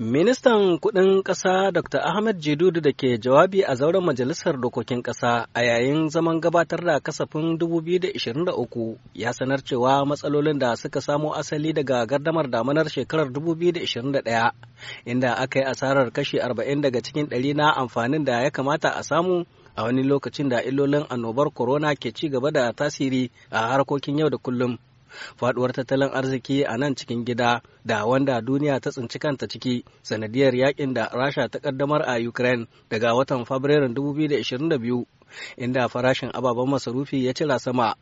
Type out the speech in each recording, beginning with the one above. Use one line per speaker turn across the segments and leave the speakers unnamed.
Ministan kuɗin ƙasa Dr. Ahmed Jidudu da ke jawabi a zauren Majalisar Dokokin Ƙasa a yayin zaman gabatar da kasafin 2023 ya sanar cewa matsalolin da suka samo asali daga gardamar damanar shekarar 2021 inda aka yi asarar kashi 40 daga cikin ɗari na amfanin da ya kamata a samu a wani lokacin da illolin annobar corona ke ci gaba da tasiri a harkokin yau da kullum faduwar tattalin arziki a nan cikin gida da wanda duniya ta tsinci kanta ciki sanadiyar yakin da rasha ta kaddamar a ukraine daga watan fabrairun 2022 inda farashin ababen masarufi ya cira sama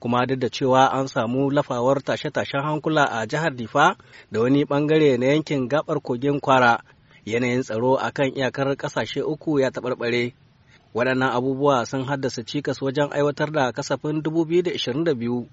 kuma duk da cewa an samu lafawar tashe-tashen hankula a jihar difa da wani bangare na yankin gabar kogin kwara yanayin tsaro a kan iyakar kasashe uku ya taɓarɓare waɗannan abubuwa sun haddasa cikas wajen aiwatar da kasafin 2022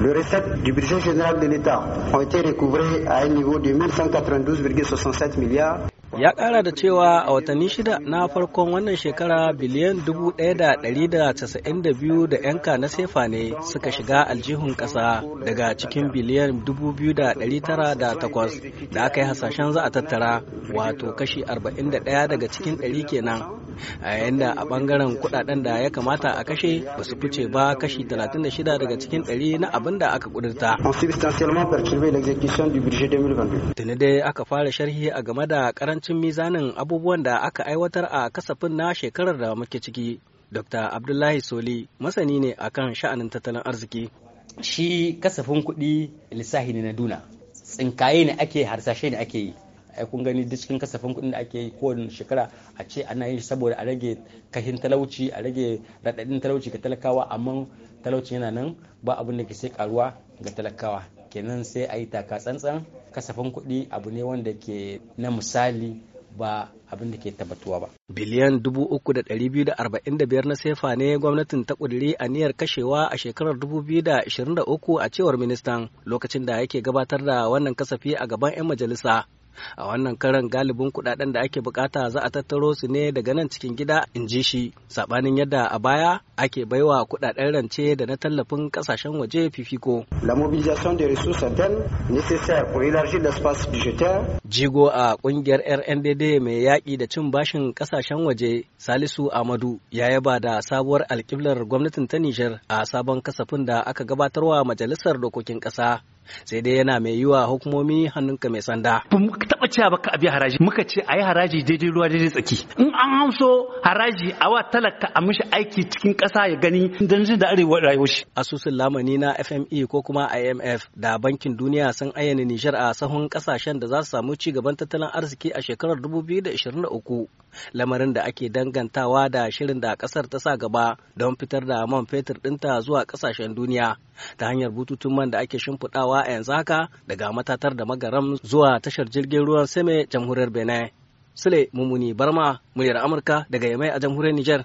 le
recettes du budget général de l'État ont été recouvrées à un niveau de 1192,67 milliards.
Ya ƙara da cewa a watanni shida na farkon wannan shekara biliyan 1,192 da 'yanka na sefa ne suka shiga aljihun ƙasa daga cikin biliyan 2,908 da aka yi hasashen za a tattara wato kashi 41 daga cikin 100 kenan. a yayin da a bangaren kudaden da ya kamata a kashe ba su fice ba kashi 36 daga cikin 100 na abin da aka kudurta. Tuni dai aka fara sharhi a game da karancin mizanin abubuwan da aka aiwatar a kasafin na shekarar da muke ciki.
Dr. Abdullahi Soli masani ne akan sha'anin tattalin arziki. Shi kasafin kuɗi lissahi ne na duna. Tsinkaye ne ake harsashe ne ake yi. ai kun gani duk cikin kasafin kuɗin da ake yi kowane shekara a ce ana yin saboda a rage kahin talauci a rage raɗaɗin talauci ga talakawa amma talauci yana nan ba abin da ke sai karuwa ga talakawa kenan sai a yi taka tsantsan kasafin kuɗi abu ne wanda ke na misali ba abin da ke tabbatuwa ba. Biliyan 3,245
na sefa ne gwamnatin ta a niyyar kashewa a shekarar 2023 a cewar ministan lokacin da yake gabatar da wannan kasafi a gaban 'yan majalisa. a wannan karan galibin kudaden da ake bukata za a tattaro su ne daga nan cikin gida in ji shi sabanin yadda a baya ake baiwa kudaden rance da na tallafin kasashen waje fifiko. La
mobilisation des ressources internes nécessaire pour élargir l'espace budgétaire.
Jigo a kungiyar RNDD mai yaƙi da cin bashin kasashen waje Salisu Amadu ya yaba da sabuwar alƙiblar gwamnatin ta Nijar a sabon kasafin da aka gabatarwa majalisar dokokin ƙasa. sai dai yana mai yiwa hukumomi hannunka mai sanda. Ba mu taɓa cewa ba ka abi haraji muka ce a yi haraji daidai ruwa daidai tsaki. In an hamso haraji a wa talaka a mishi aiki cikin kasa ya gani da arewa rayuwar shi. Asusun lamani na FME ko kuma IMF da Bankin Duniya sun ayyana Nijar a sahun kasashen da za su samu ci gaban tattalin arziki a shekarar 2023 lamarin da ake dangantawa da shirin da kasar ta sa gaba don fitar da man fetur dinta zuwa kasashen duniya ta hanyar bututun man da ake shimfiɗawa a yanzu haka daga matatar da magaram zuwa tashar jirgin ruwan seme jamhuriyar Benin. Sule Mumuni Barma, muryar Amurka daga Yamai a jamhuriyar Nijar.